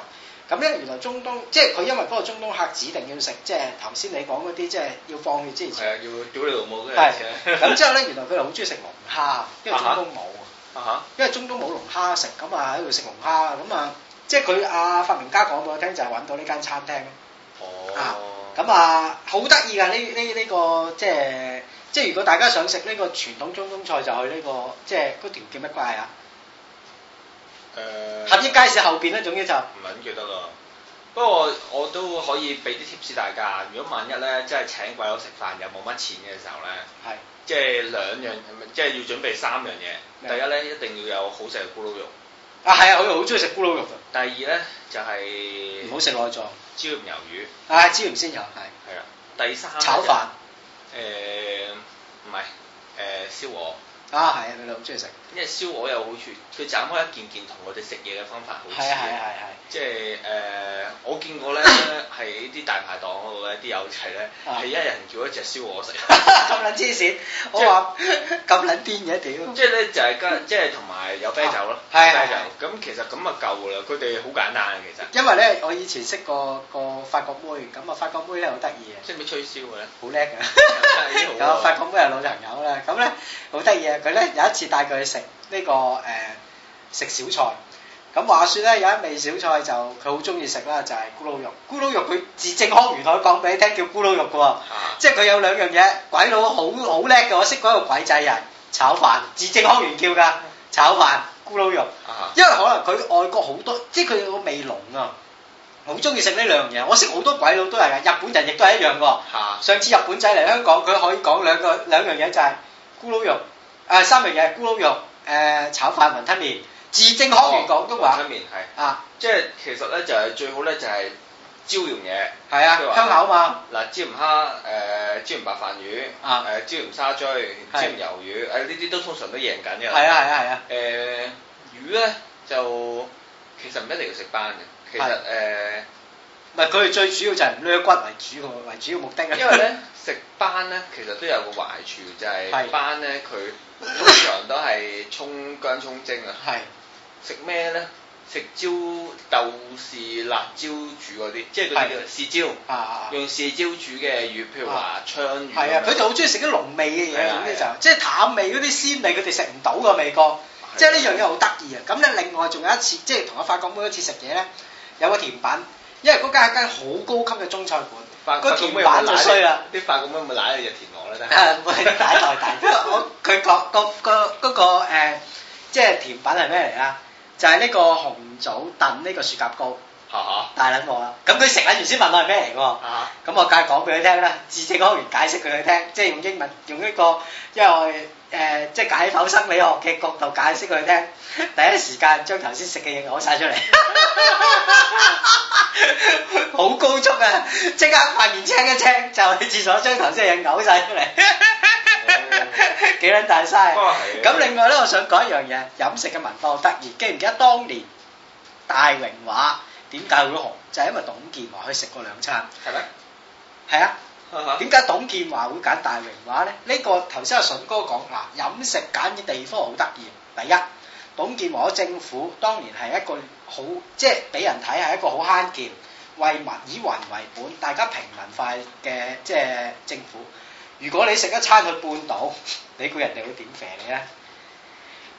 咁咧原來中東即係佢因為嗰個中東客指定要食，即係頭先你講嗰啲，即係要放血之前，係要屌你老母嗰啲嘢。係，咁之後咧原來佢又好中意食龍蝦，因為中東冇啊哈，因為中東冇龍蝦食，咁啊喺度食龍蝦，咁啊即係佢阿發明家講俾我聽，就係揾到呢間餐廳。哦。咁啊，啊好得意㗎！呢呢呢個即係即係如果大家想食呢個傳統中東菜，就去呢個即係嗰條叫乜鬼啊？合益街市後邊咧，總之就唔撚記得咯。不過我都可以俾啲 tips 大家，如果萬一咧，即係請鬼佬食飯又冇乜錢嘅時候咧，係即係兩樣，即係要準備三樣嘢。第一咧一定要有好食嘅咕嚕肉。啊係啊，我好中意食咕嚕肉。第二咧就係唔好食內臟，椒鹽魷魚。係椒鹽鮮魷係。係啊，第三炒飯。誒，唔係，誒，燒鵝。啊係啊，你哋好中意食。因為燒鵝又好似佢斬開一件件，同我哋食嘢嘅方法好似嘅。係係即係誒，我見過咧，係啲大排檔嗰度一啲友仔咧，係一人叫一隻燒鵝食。咁撚黐線！我話咁撚癲嘅屌。即係咧就係跟即係同埋有啤酒咯，啤酒咁其實咁啊夠㗎啦。佢哋好簡單嘅其實。因為咧，我以前識過個法國妹，咁啊法國妹咧好得意啊。即係咪吹簫嘅咧？好叻㗎！有法國妹係老朋友啦，咁咧好得意啊！佢咧有一次帶佢去食。呢、這個誒、呃、食小菜咁話說咧，有一味小菜就佢好中意食啦，就係、是、咕嚕肉。咕嚕肉佢字正腔圓可以講俾你聽叫咕嚕肉噶喎、哦，啊、即係佢有兩樣嘢鬼佬好好叻嘅，我識鬼個鬼仔人炒飯字正腔圓叫㗎炒飯咕嚕肉。啊、因為可能佢外國好多即係佢個味濃啊，好中意食呢兩樣嘢。我識好多鬼佬都係㗎，日本人亦都係一樣㗎。啊、上次日本仔嚟香港，佢可以講兩個兩樣嘢就係、是、咕嚕肉誒、呃，三樣嘢咕嚕肉。誒炒飯雲吞麵至稱學完廣東話，雲、哦、吞麵啊，就係、啊，即係其實咧就係最好咧就係椒鹽嘢，係啊，香口嘛。嗱、呃，椒鹽蝦、誒椒鹽白飯魚、啊誒椒鹽沙咀、是啊、椒鹽魷魚，誒呢啲都通常都贏緊嘅。係啊係啊係啊！誒魚咧就其實唔一定要食斑嘅，其實誒唔係佢哋最主要就係攣骨為主個為主要目的。好啦。食斑咧，其實都有個壞處，就係斑咧，佢通常都係葱、薑、 葱蒸啊。係是食咩咧？食椒豆豉辣椒煮嗰啲，的即係嗰啲叫豉椒。的用豉椒煮嘅魚，譬如話昌哇魚。係啊，佢哋好中意食啲濃味嘅嘢，總之就即係淡味嗰啲鮮味，佢哋食唔到個味覺。的即係呢樣嘢好得意啊！咁咧，另外仲有一次，即係同我發覺每一次食嘢咧，有個甜品，因為嗰間係間好高級嘅中菜館。飯個甜品又最衰啦，啲百咁蚊咪瀨你就田螺咧，得嚇！ 我係瀨袋大我佢講個個嗰個即係甜品係咩嚟啊？就係、是、呢個紅棗燉呢個雪蛤膏。嚇大撚我啦，咁佢食緊原先問我係咩嚟㗎？咁、啊啊、我梗係、啊啊、講俾佢聽啦，自己講完解釋佢佢聽，即係用英文用呢、這個因為誒即係解剖生理學嘅角度解釋佢聽，第一時間將頭先食嘅嘢攞晒出嚟。 好高速啊！即刻塊面青一青，就去廁所將頭先嘅嘢嘔曬出嚟，幾撚大曬。咁另外咧，我想講一樣嘢，飲食嘅文化好得意。記唔記得當年大榮華點解會紅？就係因為董建華去食過兩餐。係咩？係啊。點解董建華會揀大榮華咧？呢個頭先阿順哥講，嗱，飲食揀嘅地方好得意。第一。董建華政府當然係一個好，即係俾人睇係一個好慳儉，為民以民為本，大家平民化嘅即係政府。如果你食一餐去半島，你估人哋會點肥你啊？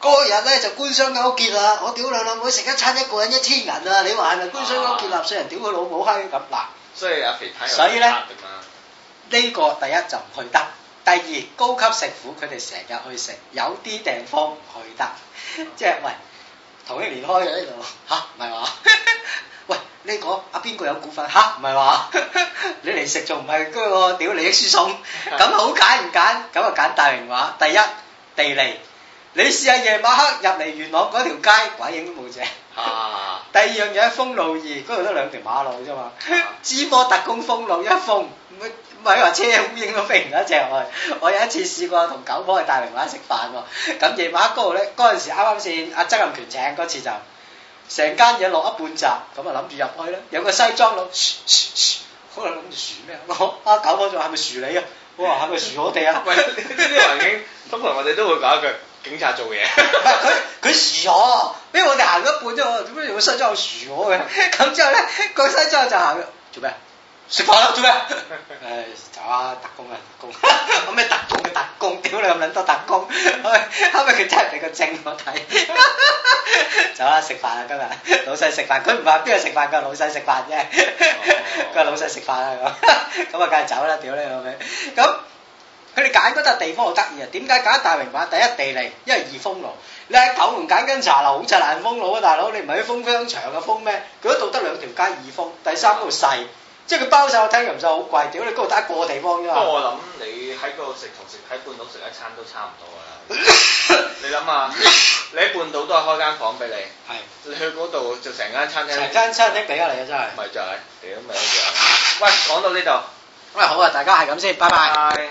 嗰人咧就官商勾結啦！我屌你老母，食一餐一個人一千銀啊！你話係咪官商勾結、納稅、啊、人屌佢老母閪咁嗱？所以阿肥太，所以咧呢個第一就唔去得，第二高級食府佢哋成日去食，有啲地方唔去得。即係喂，同一年開嘅呢度吓，唔係話？喂，呢個啊邊個有股份吓，唔係話？ 你嚟食仲唔係嗰個屌利益輸送？咁好揀唔揀？咁啊揀大明話，第一地利，你試下夜晚黑入嚟元朗嗰條街，鬼影都冇啫。 第二樣嘢封路，二嗰度得兩條馬路啫嘛，芝、啊、波特工封路一封，唔係話車烏蠅都飛唔到一隻。去。我有一次試過同九婆去大明樓食飯喎，咁夜晚嗰度咧，嗰陣時啱啱先阿曾蔭權請嗰次就成間嘢落一半閘，咁啊諗住入去咧，有個西裝佬，可能諗住樹咩？我阿、啊、九婆仲話係咪樹你啊？我話係咪樹我哋啊？喂，呢啲環境通常我哋都會搞一句。警察做嘢，佢佢遲咗，俾我哋行咗一半啫，身我點解又會西裝遲咗嘅？咁 之後咧，個西裝就行咗，做咩？食飯啦，做咩？誒、 哎，走啦、啊，特工啊，特工，咁咩特工嘅特工，屌你咁撚多特工， 哎、後尾佢真係俾個證我睇， 走啦、啊，食飯啦今日， 老細食飯，佢唔係邊度食飯，個老細食飯啫，個 老細食飯啦咁，咁 啊梗係走啦，屌你咁咁。 佢哋揀嗰笪地方好得意啊！點解揀大榮華？第一地利，因為易封路。你喺九龍揀間茶樓好柒難封路啊，大佬！你唔係去封商場啊，封咩？佢嗰度得兩條街易封，第三嗰度細，即係佢包曬個廳又唔使好貴，屌你嗰度得一個地方啫嘛。不過我諗你喺嗰度食同食喺半島食一餐都差唔多啦。你諗下，你喺半島都係開間房俾你，係你去嗰度就成間餐廳。成間餐廳俾咗你啊！真係咪就係？屌咪就係。喂，講到呢度，咁啊好啊！大家係咁先，拜拜。